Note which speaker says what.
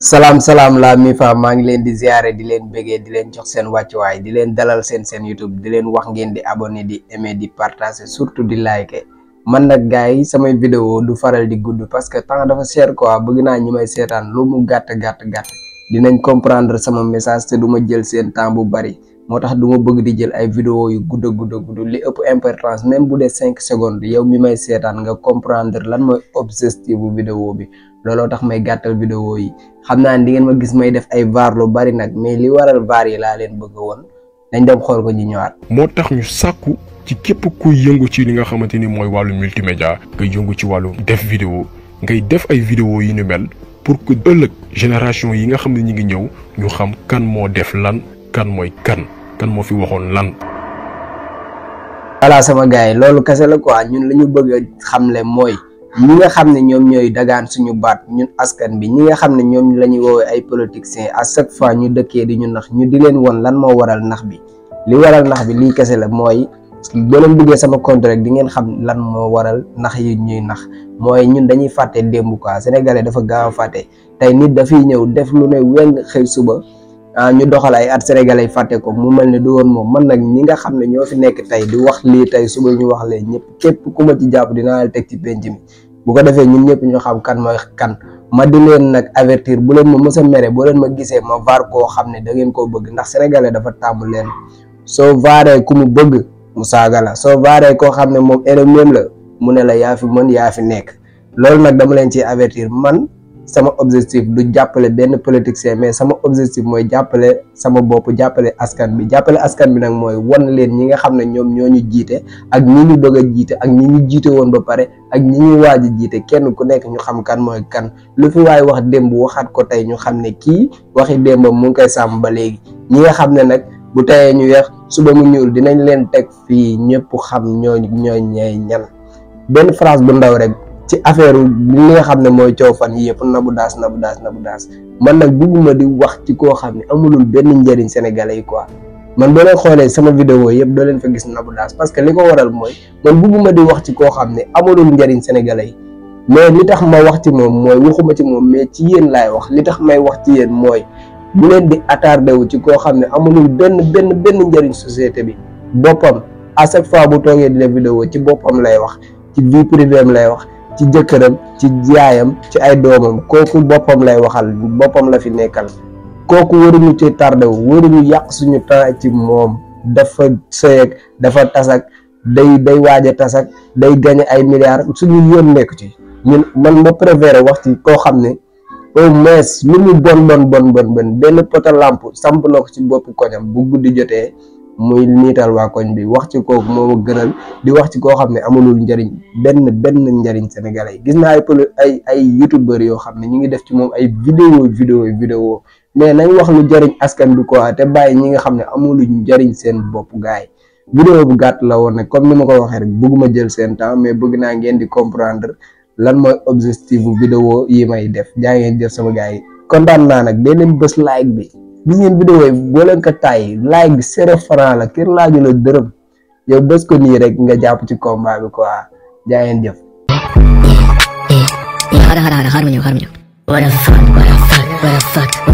Speaker 1: salaam salaam la mi fa maa ngi leen di ziare di leen bëggee di leen jox seen wàccuwaay di leen dalal seen seen YouTube di leen wax ngeen di abonné di aimer di partager surtout di liker man nag gars yi samay vidéo du faral di gudd parce que temps dafa cher quoi bëgg naa ñi may seetaan lu mu gàtt gàtt gàtt dinañ comprendre sama message te duma jël seen temps bu bari moo tax du ma bëgg di jël ay vidéo yu gudd gudd li ëpp importance même bu dee cinq secondes yow mi may seetaan nga comprendre lan mooy objectif bu vidéo bi looloo tax may gàttal vidéo yi xam naa ne di ngeen ma gis may def ay vaar lu bari nag mais li waral vaar yi laa leen bëgg woon dañ dem xool ko ñu ñëwaat. moo tax ñu sàkku ci képp ku yëngu ci li nga xamante ni mooy wàllu multimédia nga yëngu ci wàllu def vidéo ngay def ay vidéo yi ni mel pour que ëllëg génération yi nga xam ne ñu ngi ñëw ñu xam kan moo def lan. kan mooy kan kan moo fi waxoon lan. voilà sama gars yi loolu kese la quoi ñun li ñu bëgg a xamle mooy ñi nga xam ne ñoom ñooy dagaan suñu baat ñun askan bi ñi nga xam ne ñoom la ñuy woowee ay politiciens à chaque fois ñu dëkkee di ñu nax ñu di leen woon lan moo waral nax bi li waral nax bi lii kese la mooy. boo leen duggee sama compte rek di ngeen xam lan moo waral nax yi ñuy nax mooy ñun dañuy fàtte démb quoi sénégalais dafa gaaw a fàtte tey nit dafiy ñëw def lu ne weng xëy suba Ah, ñu doxal ay at sénégalais yi fàtte ko mu mel ne du woon moom man nag ñi nga xam ne ñoo fi nekk tey di wax lii tey suba ñu wax lee ñëpp képp ku ma ci jàpp dinaa la teg ci penc mi bu ko defee ñun ñëpp ñu xam kan kan ma di leen nag avertir bu leen ma mësa a mere boo leen ma gisee ma vaar koo xam ne da ngeen koo bëgg ndax sénégalais dafa tàmm leen soo vaaree ku mu bëgg mu saaga la soo vaaree koo xam ne moom ennemi la mu ne la yaa fi mën yaa fi nekk loolu nag dama avertir man. sama objectif du jàppale benn politicien mais sama objectif mooy jàppale sama bopp jàppale askan bi jàppale askan bi nag mooy wan leen ñi nga xam ne ñoom ñoo ñu jiite ak ñi ñu bëgg a jiite ak ñi ñu jiite woon ba pare ak ñi ñu waaj a jiite kenn ku nekk ñu xam kan mooy kan lu fi waaye wax démb waxaat ko tey ñu xam ne kii waxi démbam mu ngi koy sàmm ba léegi ñi nga xam ne nag bu teyee ñu weex suba mu ñuul dinañ leen teg fii ñëpp xam ñooñu ñooy ñay benn phrase bu ndaw rek ci affaire li nga xam ne mooy coow fan yii yëpp Nabou Dash Nabou Dash Nabou Dash man nag bëgguma di wax ci koo xam ne amulul benn njëriñ sénégalais yi quoi man boo leen xoolee sama vidéo yëpp doo leen fa gis Nabou Dash parce que li ko waral mooy man bëgguma di wax ci koo xam ne amulul njëriñ sénégalais mais li tax ma wax ci moom mooy waxuma ci moom mais ci yéen laay wax li tax may wax ci yéen mooy mu leen di attardé wu ci koo xam ne amulul benn benn benn njëriñ société bi boppam à chaque fois bu toogee di def vidéo ci boppam lay wax ci vie privée lay wax. ci jëkkëram ci yaayam ci ay doomam kooku boppam lay waxal boppam la fi nekkal kooku waruñu ci tardé wu waruñu yàq suñu temps ci moom dafa sëyeg dafa tasak day day waaj a tasak day gañe ay milliards suñu yoon nekk ci ñun man ma préféré wax koo xam ne au moins lu mu bon bon bon bon benn poto lampe samp na ko ci boppu koñam bu guddi jotee muy niital waa koñ bi wax ci kooku moo ma gënal di wax ci koo xam ne amulul njariñ benn benn njariñ sénégalais yi gis naa ay ay ay youtubeur yoo xam ne ñu ngi def ci moom ay vidéo vidéo vidéo mais nañ wax lu jariñ askan bi quoi te bàyyi ñi nga xam ne amuluñ njariñ seen bopp gaay bu gàtt la woon nag comme ni ma ko waxee rek bëgguma jël seen mais bëgg naa ngeen di comprendre lan mooy objectif bu yi may def jaa ngeen jëf sama gaay yi kontaan naa nag dee leen bés like bi gis ngeen vidéo yi boo leen ko tàyyi like bi zéro la kër laaju la dërëm yow bës ko nii rek nga jàpp ci combat bi quoi jaa ngeen jëf. xaaral xaaral xaaral xaaral ma ñëw xaaral ma ñëw. what a fuck what